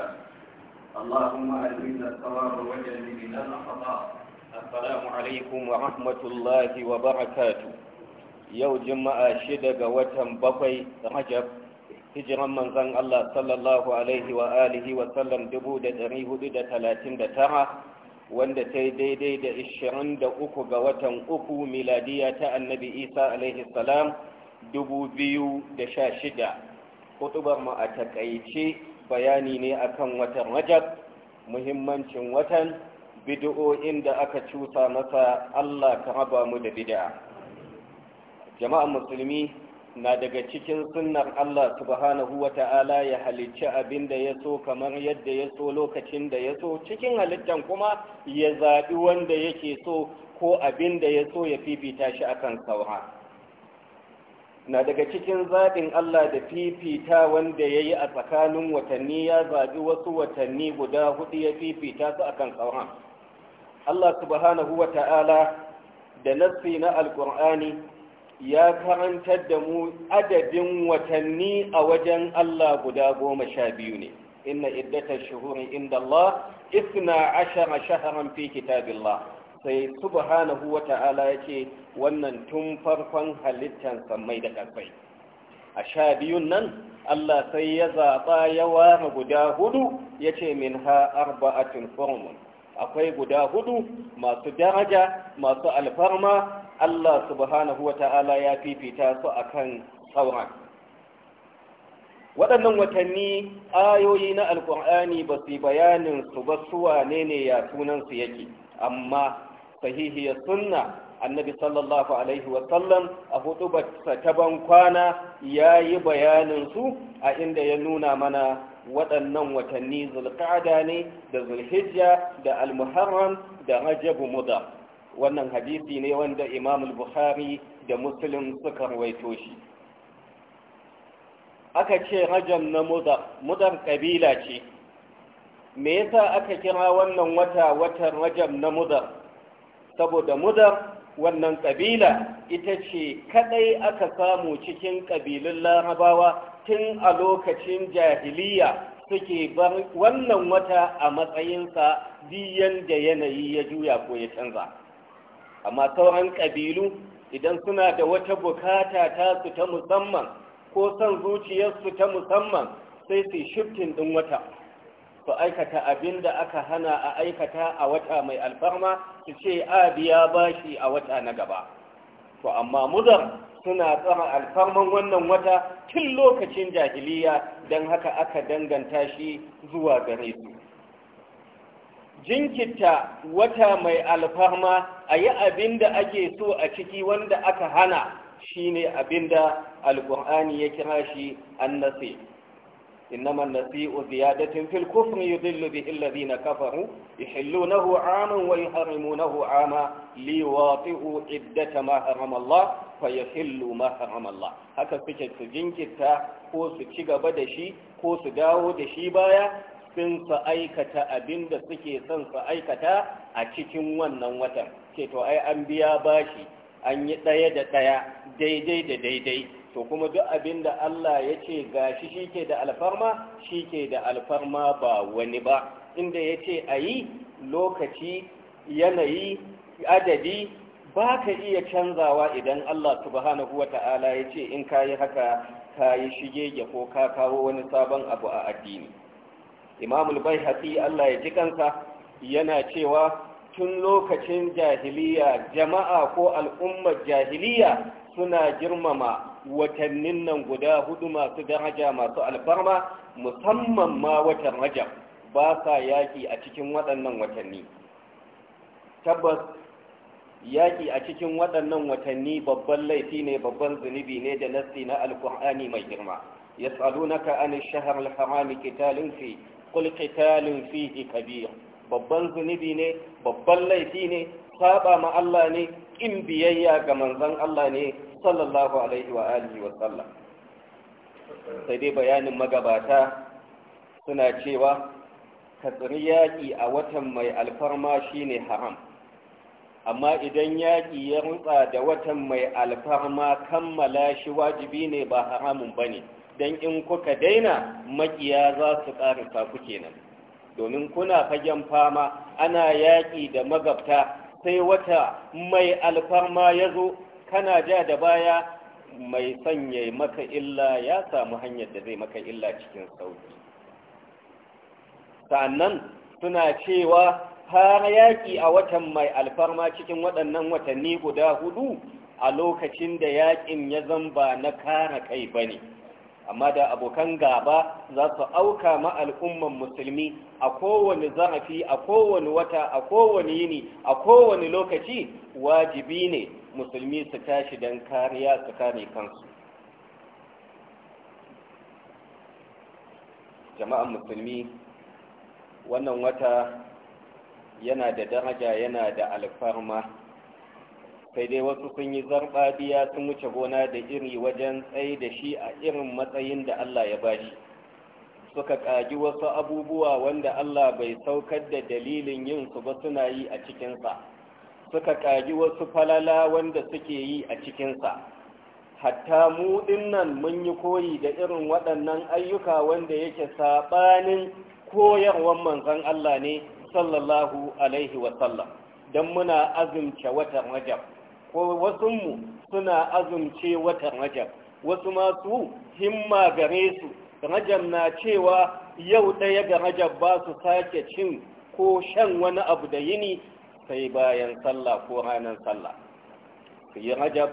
العباد اللهم ألهمنا الثواب وجنبنا الخطأ السلام عليكم ورحمة الله وبركاته yau juma'a shida ga watan bakwai rajab hijiran manzan Allah sallallahu alaihi wa alihi wa sallam tara, wanda ta daidai da ishirin da uku ga watan uku miladiya ta annabi isa alaihi salam shida. kutubar mu a takaice bayani ne akan watan rajab muhimmancin watan bid'o'in da aka cuta masa Allah ka raba mu da bid'a jama'a musulmi na daga cikin sunnar Allah subhanahu wata'ala ya halicci abin da ya so kamar yadda ya so lokacin da ya so cikin halittan kuma ya zaɓi wanda yake so ko abin da ya so ya fifita shi akan saura na daga cikin zaɓin Allah da fifita wanda ya yi a tsakanin watanni ya zaɓi wasu watanni guda hudu ya fifita su akan sauran Allah subhanahu wa ta'ala da nassi na Alkur'ani ya karantar da mu adadin watanni a wajen Allah guda goma sha biyu ne inna iddata shuhuri inda Allah isna ashara shaharan fi kitabillah sai subhanahu wa ta'ala ya ce wannan tun farkon halittar mai da ƙarfai a sha biyun nan Allah sai ya zaɓa ya ware guda hudu ya ce min ha arba'atin formun akwai guda hudu masu daraja masu alfarma Allah subhanahu wa ta'ala ya fifita su akan sauran waɗannan watanni ayoyi na alkur'ani ba su bayanin su ba su wane ne ya sunansu yake amma sahihiyar sunna annabi sallallahu alaihi wasallam a hudubarsa ta ban kwana ya yi bayaninsu a inda ya nuna mana waɗannan watanni zulƙada ne da zulhijja da almuharram da rajabu muda wannan hadisi ne wanda imam bukhari da muslim suka rawaito shi aka ce rajab na mudar mudar ƙabila ce me yasa aka kira wannan wata watan rajab na mudar saboda mudar wannan ƙabila ita ce kaɗai aka samu cikin ƙabilun larabawa tun a lokacin jahiliya suke bar wannan wata a matsayinsa biyan da yanayi ya juya ko ya canza amma sauran ƙabilu idan suna da wata bukata ta su ta musamman ko son zuciyarsu ta musamman sai su shiftin ɗin wata su aikata abin da aka hana a aikata a wata mai alfarma su ce a biya bashi a wata na gaba to amma mudar suna tsara alfarman wannan wata tun lokacin jahiliya don haka aka danganta shi zuwa gare su jinkita wata mai alfarma a yi abin da ake so a ciki wanda aka hana shine abin da alƙur'ani ya kira shi annasi إنما النسيء زيادة في الكفر يضل به الذين كفروا يحلونه عاما ويحرمونه عاما ليواطئوا عدة ما حرم الله فيحلوا ما حرم الله haka suke su jinkirta ko su ci gaba da shi ko su dawo da shi baya sun su aikata abin da suke son su aikata a cikin wannan watan ce to ai an biya bashi an yi ɗaya da ɗaya daidai da daidai to kuma duk abin da Allah ya ce gashi shi ke da alfarma shi ke da alfarma ba wani ba inda ya ce a yi lokaci yanayi adadi ba ka iya canzawa idan Allah subhanahu wa ta'ala ya ce in ka yi haka ka yi shige ko ka kawo wani sabon abu a addini imamul bai Allah ya ji kansa yana cewa tun lokacin jahiliya jama'a ko al'ummar jahiliya suna girmama watannin nan guda hudu masu daraja masu alfarma musamman ma watan rajab ba sa yaƙi a cikin waɗannan watanni tabbas yaƙi a cikin waɗannan watanni babban laifi ne babban zunubi ne da nassi na alkur'ani mai girma yas'alunaka an ash-shahr shahar haram kitalin fi qul qitalun fihi kabir babban zunubi ne babban laifi ne saba ma Allah ne Ƙin biyayya ga manzon Allah ne sallallahu alaihi wa alihi wa sallam sai dai bayanin magabata suna cewa katsiri yaƙi a watan mai alfarma shine haram amma idan yaƙi ya rutsa da watan mai alfarma kammala shi wajibi ne ba haramun ba ne don in kuka daina makiya za su ƙarisa ku kenan domin kuna fagen fama ana yaƙi da magabta sai wata mai alfarma ya zo kana ja da baya mai sanya maka illa ya samu hanyar da zai maka illa cikin sauki sannan suna cewa har yaƙi a watan mai alfarma cikin waɗannan watanni guda hudu a lokacin da yaƙin ya zamba na kara kai ba ne amma da abokan gaba za su auka ma musulmi a kowane zarafi a kowane wata a kowane yini a kowane lokaci wajibi ne musulmi su tashi don kariya su kare kansu jama'an musulmi wannan wata yana da daraja yana da alfarma sai dai wasu sun yi biya sun wuce gona da iri wajen tsaye da shi a irin matsayin da allah ya shi suka kaji wasu abubuwa wanda allah bai saukar da dalilin yin su ba suna yi a cikinsa suka ƙagi wasu falala wanda suke yi a cikinsa hatta mu ɗinnan mun yi koyi da irin waɗannan ayyuka wanda yake saɓanin koyarwar manzon Allah ne sallallahu alaihi wasallam don muna azumce watan rajab ko wasunmu suna azumce watan rajab wasu masu himma gare su rajab na cewa yau ɗaya ga rajab ba su sake cin ko shan wani abu da yini sai bayan sallah ko ranar sallah suyi rajab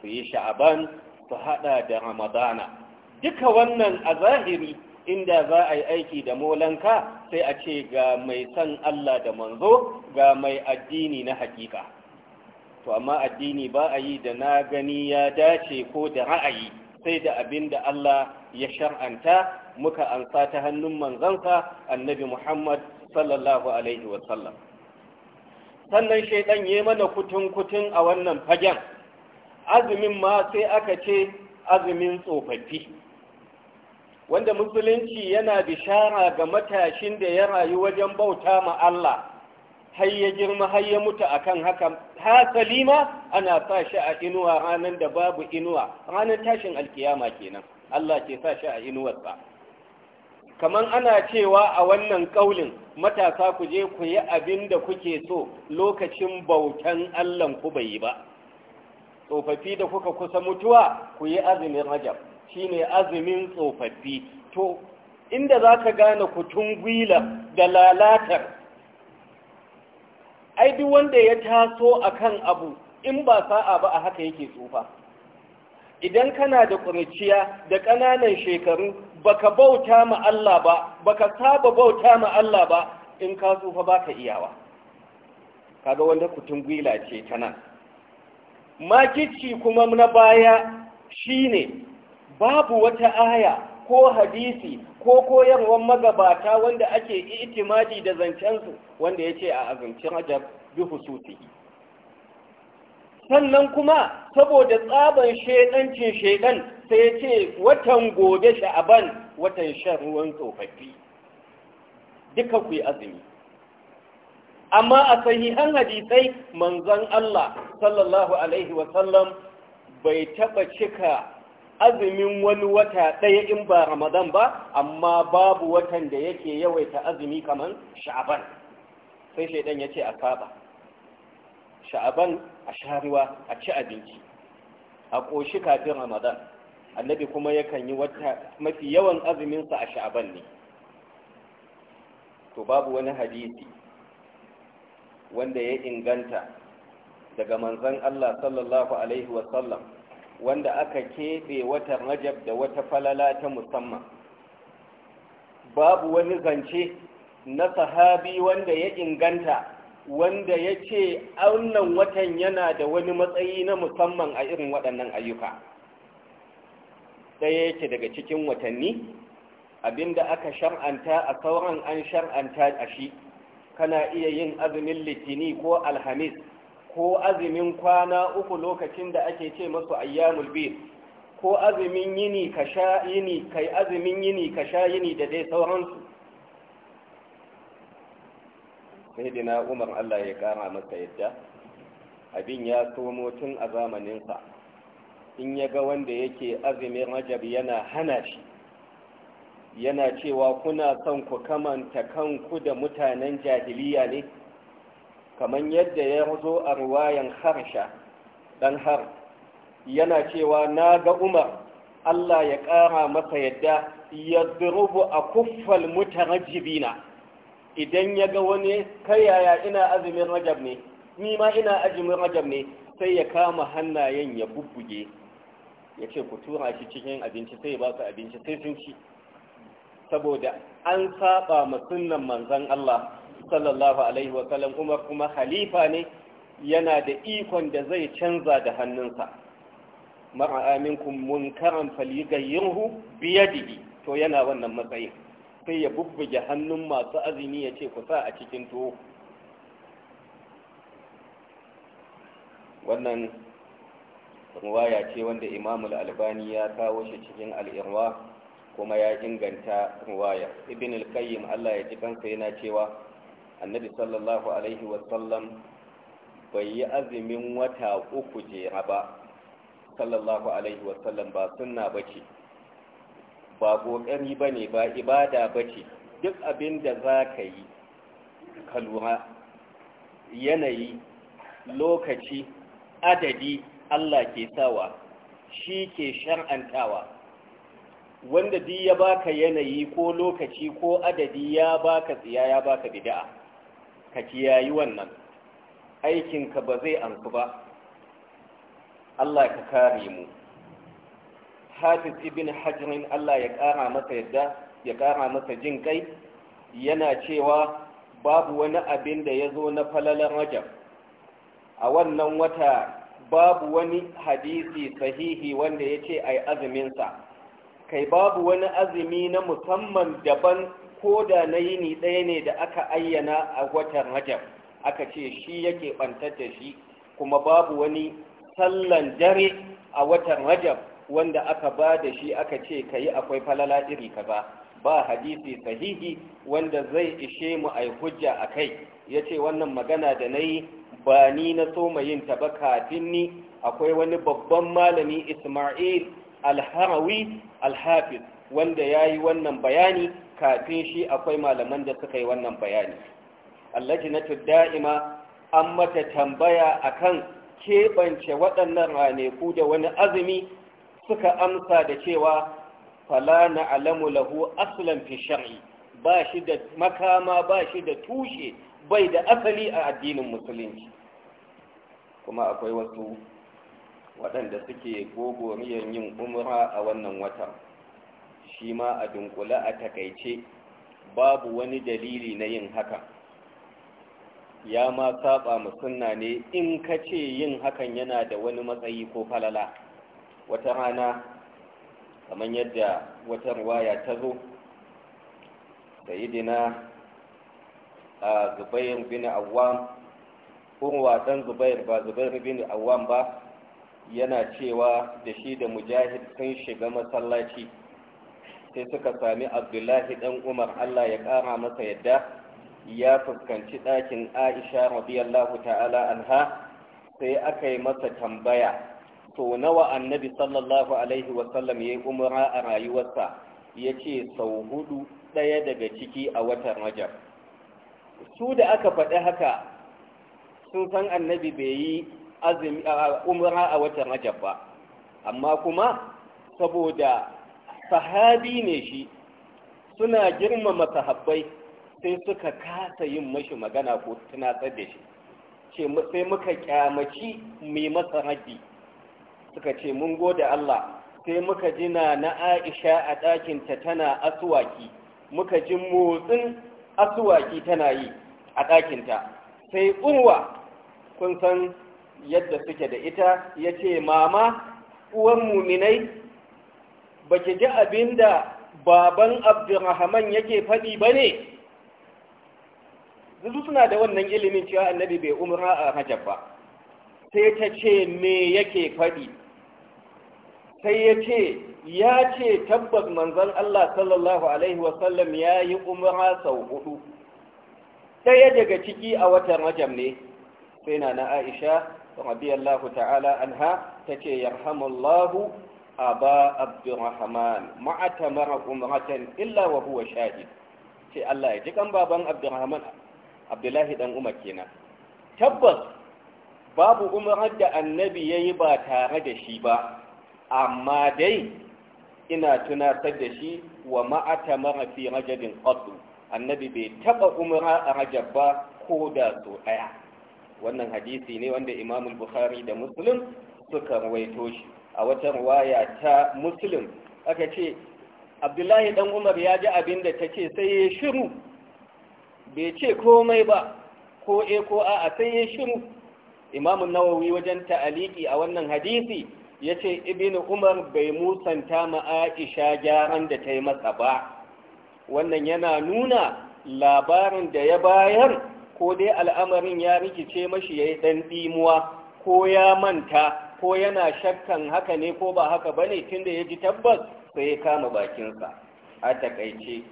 suyi yi sha'aban su haɗa da ramadana duka wannan a zahiri inda za a yi aiki da molanka sai a ce ga mai san Allah da manzo ga mai addini na hakika to amma addini ba a yi da na gani ya dace ko da ra'ayi sai da abin da Allah ya shar'anta muka ansa ta hannun manzansa annabi Muhammad sallallahu alaihi wasallam sannan shaidan ya mana kutun-kutun a wannan fagen azumin ma sai aka ce azumin tsofaffi wanda musulunci yana bishara ga matashin da ya rayu wajen bauta ma Allah har ya girma har ya mutu akan haka hasali Salima, ana sa shi a inuwa ranar da babu inuwa ranar tashin alkiyama kenan Allah ke sa shi a inuwarsa kamar ana cewa a wannan ƙaulin matasa ku je ku yi abin da kuke so lokacin bautan Allahn ku bai yi ba tsofaffi da kuka kusa mutuwa ku yi azumin rajab shine azumin tsofaffi to inda za ka gane kutun gwila da lalatar ai duk wanda ya taso akan abu in ba sa'a ba a haka yake tsufa idan kana da ƙuriciya da ƙananan shekaru baka bauta ma Allah ba baka saba bauta ma Allah ba in ka tsufa baka iyawa kaga wanda kutun gwila ce ta nan makici kuma na baya shine babu wata aya ko hadisi ko koyarwar magabata wanda ake itimadi da zancensu wanda ya ce a azancin ajab bi hususi sannan kuma saboda tsaban shaidancin shaidan sai ya ce watan gobe sha'aban watan shan ruwan tsofaffi duka ku yi azumi amma a sahihan hadisai manzon Allah sallallahu alaihi wasallam bai taɓa cika azumin wani wata ɗaya in ba ramadan ba amma babu watan da yake yawaita azumi kamar sha'aban sai shaidan ya ce a saba sha'aban a sharuwa a ci abinci a ƙoshi kafin ramadan annabi kuma yakan yi wata mafi yawan azuminsa a sha'aban ne to babu wani hadisi wanda ya inganta daga manzon Allah sallallahu alaihi wasallam wanda aka keɓe wata rajab da wata falala ta musamman babu wani zance na sahabi wanda ya inganta wanda ya ce wannan watan yana da wani matsayi na musamman a irin waɗannan ayyuka ɗaya yake daga cikin watanni abinda aka shar'anta a sauran an shar'anta a shi kana iya yin azumin litini ko alhamis ko azumin kwana uku lokacin da ake ce masu ayyamul bir ko azumin yini ka sha yini kai azumin yini ka sha yini da dai sauransu sayyidina umar Allah ya kara masa yadda abin ya somo tun a zamaninsa in ya ga wanda yake azumin rajab yana hana shi yana cewa kuna son ku kamanta kanku da mutanen jahiliya ne kamar yadda ya zo a ruwayan harsha dan har yana cewa na ga umar allah ya ƙara masa yadda ya durubu a kuffal mutarajibina idan ya ga wani kai yaya ina azumin rajab ne ni ma ina azumin rajab ne sai ya kama hannayen ya bubbuge ya ce ku tura shi cikin abinci sai ba su abinci sai sun ci saboda an saba ma manzon Allah sallallahu alaihi wa sallam kuma kuma halifa ne yana da ikon da zai canza da hannunsa mar'a minkum munkaran falyughayyirhu biyadihi to yana wannan matsayin sai ya bubbuge hannun masu azumi ya ce ku sa a cikin tuwo wannan ruwaya ce wanda imamul albani ya kawo shi cikin al'irwa kuma ya inganta ruwaya ibn al-qayyim Allah ya ji kansa yana cewa annabi sallallahu alaihi wasallam bai yi azumin wata uku jera ba sallallahu alaihi wasallam ba sunna bace ba ba bane ba ibada bace duk abin da za ka yi ka lura yanayi lokaci adadi Allah ke sawa shi ke shar'antawa wanda duk ya baka yanayi ko lokaci ko adadi ya baka tsiya ya baka bid'a ka kiyayi wannan aikinka ba zai anku ba Allah ka kare mu Hafiz ibn Hajarin Allah ya ƙara masa yadda ya kara masa jin kai yana cewa babu wani abin da ya zo na falalar rajab a wannan wata babu wani hadisi sahihi wanda ya ce a yi aziminsa? kai babu wani azumi na musamman daban ko da na yini ɗaya ne da aka ayyana a watan rajab aka ce shi yake ɓantar da shi kuma babu wani sallan dare a watan rajab wanda aka ba da shi aka ce ka yi akwai falala iri kaza ba hadisi sahihi wanda zai ishe mu a hujja a kai ya ce wannan magana da na yi ba ni na soma yin ta ba kafin ni akwai wani babban malami Isma'il Al-Harawi Al-Hafiz wanda yayi wannan bayani kafin shi akwai malaman da suka yi wannan bayani allajinatu da'ima an mata tambaya akan keɓance waɗannan raneku da wani azumi suka amsa da cewa fala na alamu lahu aslan fi shar'i ba shi da makama ba shi da tushe bai da asali a addinin musulunci kuma akwai wasu waɗanda suke gogoriyar yin umra a wannan wata shi ma a dunkule a takaice babu wani dalili na yin haka ya ma saba musunna ne in ka ce yin hakan yana da wani matsayi ko falala wata rana kamar yadda wata ruwaya ta zo da sayidina zubair bin awam dan zubair ba zubair bin awam ba yana cewa da shi da mujahid sun shiga masallaci sai suka sami abdullahi dan umar allah ya kara masa yadda ya fuskanci ɗakin aisha radiyallahu ta'ala anha sai aka yi masa tambaya to nawa annabi sallallahu alaihi wasallam ya yi umara a rayuwarsa ya ce sau hudu ɗaya daga ciki a watan rajab su da aka faɗi haka sun san annabi bai yi umra a watan rajab ba amma kuma saboda sahabi ne shi suna girmama sahabbai sai suka kasa yin mashi magana ko tunatsar da shi sai muka kyamaci mai masa rabi suka ce mun gode Allah sai muka jina na Aisha a ɗakinta tana aswaki, muka ji motsin asuwaki tana yi a ɗakinta sai urwa kun san yadda suke da ita ya ce mama uwan muminai ba ki ji abinda da baban abdurrahman yake faɗi ba ne zuzu suna da wannan ilimin cewa annabi bai umra a hajjaba sai ta ce me yake faɗi sai ya ce ya ce tabbas manzan Allah sallallahu alaihi wasallam ya yi umara sau hudu ɗaya daga ciki a watan rajab ne sai na na aisha radiyallahu ta'ala anha ta ce yarhamullahu aba abdurrahman mara umaratan illa wa huwa shahid ce Allah ya ji kan baban abdurrahman abdullahi dan umar kenan tabbas babu umar da annabi ya yi ba tare da shi ba amma dai ina tunatar da shi wa ma'ata marafi rajabin qatl annabi bai taba umra a rajab ba ko da so daya wannan hadisi ne wanda imamul bukhari da muslim suka rawaito shi a wata riwaya ta muslim aka ce abdullahi ɗan umar ya ji abin da take sai ya shiru bai ce komai ba ko e ko a sai ya shiru Imamun nawawi wajen ta'aliki a wannan hadisi ya ce ibn umar bai musanta ma aisha gyaran da ta yi masa ba wannan yana nuna labarin da ya bayar ko dai al'amarin ya rikice mashi ya yi ɗan ɗimuwa ko ya manta ko yana shakkan haka ne ko ba haka ba ne tun da ya ji tabbas sai ya kama bakinsa a takaice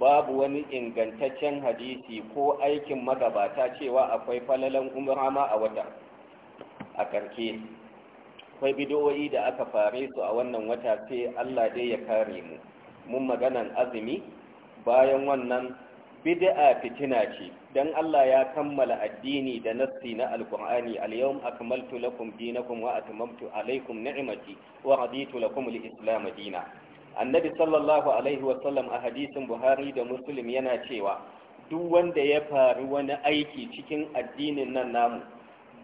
babu wani ingantaccen hadisi ko aikin magabata cewa akwai falalan umar a wata a karke akwai bidowoyi da aka fare su a wannan wata sai Allah dai ya kare mu mun maganan azumi bayan wannan bid'a fitina ce dan Allah ya kammala addini da nassi na alqur'ani al-yawm akmaltu lakum dinakum wa atmamtu alaykum ni'mati wa raditu lakum al dina annabi sallallahu alaihi wa sallam a hadisin buhari da muslim yana cewa duk wanda ya faru wani aiki cikin addinin nan namu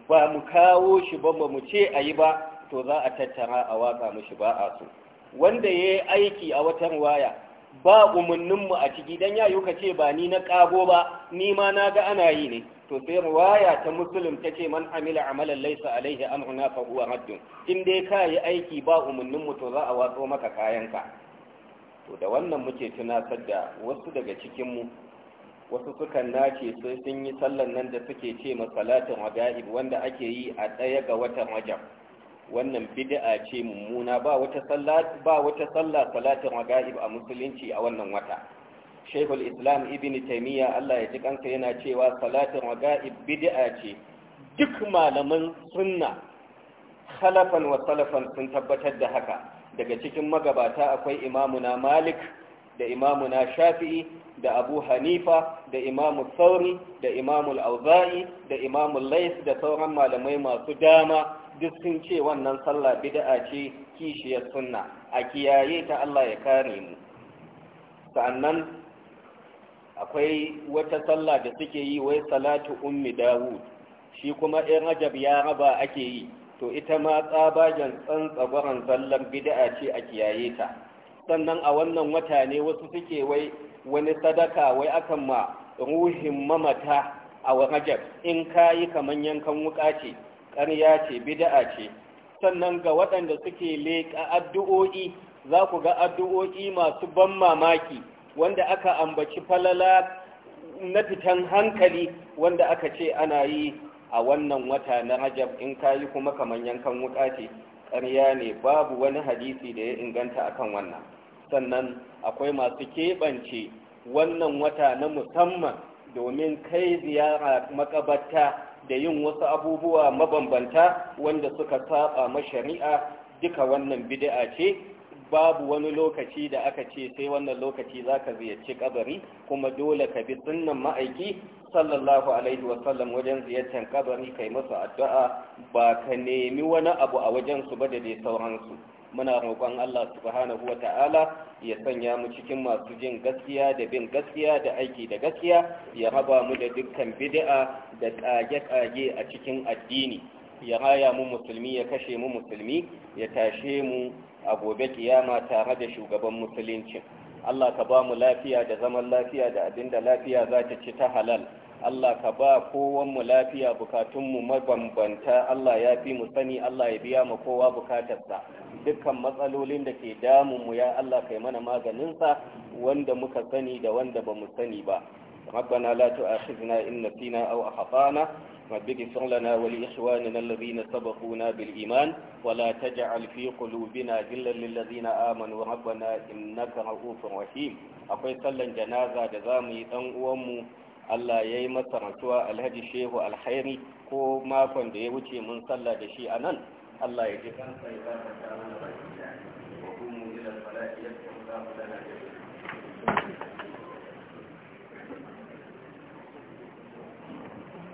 ba mu kawo shi ba mu ce ayi ba to za a tattara a watsa mashi ba a so wanda ya yi aiki a wata ruwaya ba umarninmu a ciki don ya yi ce ba ni na ƙago ba ni ma na ga ana yi ne to sai ruwaya ta musulun ta ce man amila amalan laisa alaihi amruna fa huwa raddun in dai ka yi aiki ba umarninmu to za a watso maka kayanka to da wannan muke tunasar da wasu daga cikinmu wasu sukan nace sai sun yi sallan nan da suke ce masalatin wadaib wanda ake yi a ɗaya ga watan rajab wannan bid'a ce mummuna ba wata sallah ba wata sallah salatin magaib a musulunci a wannan wata Sheikhul Islam Ibn Taymiyyah Allah ya ji kansa yana cewa salatin magaib bid'a ce duk malaman sunna khalafan wa salafan sun tabbatar da haka daga cikin magabata akwai imamuna Malik da imamu na shafi'i da abu hanifa da imamu sauri da imamu auza'i da imamu lais da sauran malamai masu dama duk sun ce wannan sallah bid'a ce kishiyar sunna a kiyaye ta Allah ya kare mu Sannan, akwai wata sallah da suke yi wai salatu ummi dawud shi kuma in rajab ya raba ake yi to ita ma tsabagen tsantsagwaron sallan bid'a ce a kiyaye ta sannan a wannan wata ne wasu suke wai wani sadaka wai akan ma ruhin mamata a rajab in kayi kaman yankan wuka ce ƙarya ce bid'a ce sannan ga waɗanda suke leƙa addu'o'i za ku ga addu'o'i masu ban mamaki wanda aka ambaci falala na fitan hankali wanda aka ce ana yi a wannan wata na rajab in kayi kuma kaman yankan wuka ce ƙarya ne babu wani hadisi da ya inganta akan wannan sannan akwai masu keɓance wannan wata na musamman domin kai ziyara makabarta da yin wasu abubuwa mabambanta wanda suka saba ma shari'a duka wannan bid'a ce babu wani lokaci da aka ce sai wannan lokaci za ka ziyarci kabari kuma dole ka bi sunnan ma'aiki sallallahu alaihi wasallam wajen ziyartar kabari kai masu addu'a ba ka nemi wani abu a wajensu ba da dai sauransu muna roƙon Allah subhanahu wa ta'ala ya sanya mu cikin masu jin gaskiya da bin gaskiya da aiki da gaskiya ya raba mu da dukkan bid'a da tsage-tsage a cikin addini ya raya mu musulmi ya kashe mu musulmi ya tashe mu a gobe kiyama tare da shugaban musulunci Allah ka ba mu lafiya da zaman lafiya da abinda lafiya za ta ci ta halal Allah ka ba kowan mu lafiya bukatunmu mabambanta Allah ya fi mu sani Allah ya biya mu kowa bukatarsa dukkan matsalolin da ke damun mu ya Allah kai mana maganin sa wanda muka sani da wanda ba mu sani ba rabbana la tu'akhidhna in nasina aw akhtana rabbi ighfir lana wa li ikhwanina alladhina sabaquna bil iman wa la taj'al fi qulubina ghillan lil ladzina amanu wa rabbana innaka ra'ufur rahim akwai sallan janaza da zamu yi dan uwan mu Allah yayi masa rantsuwa alhaji shehu alkhairi ko makon da ya wuce mun sallah da shi a nan. Allah ya ji kansa ya ba ta dawo da baki da hukumu ila fala'i ya tsaya da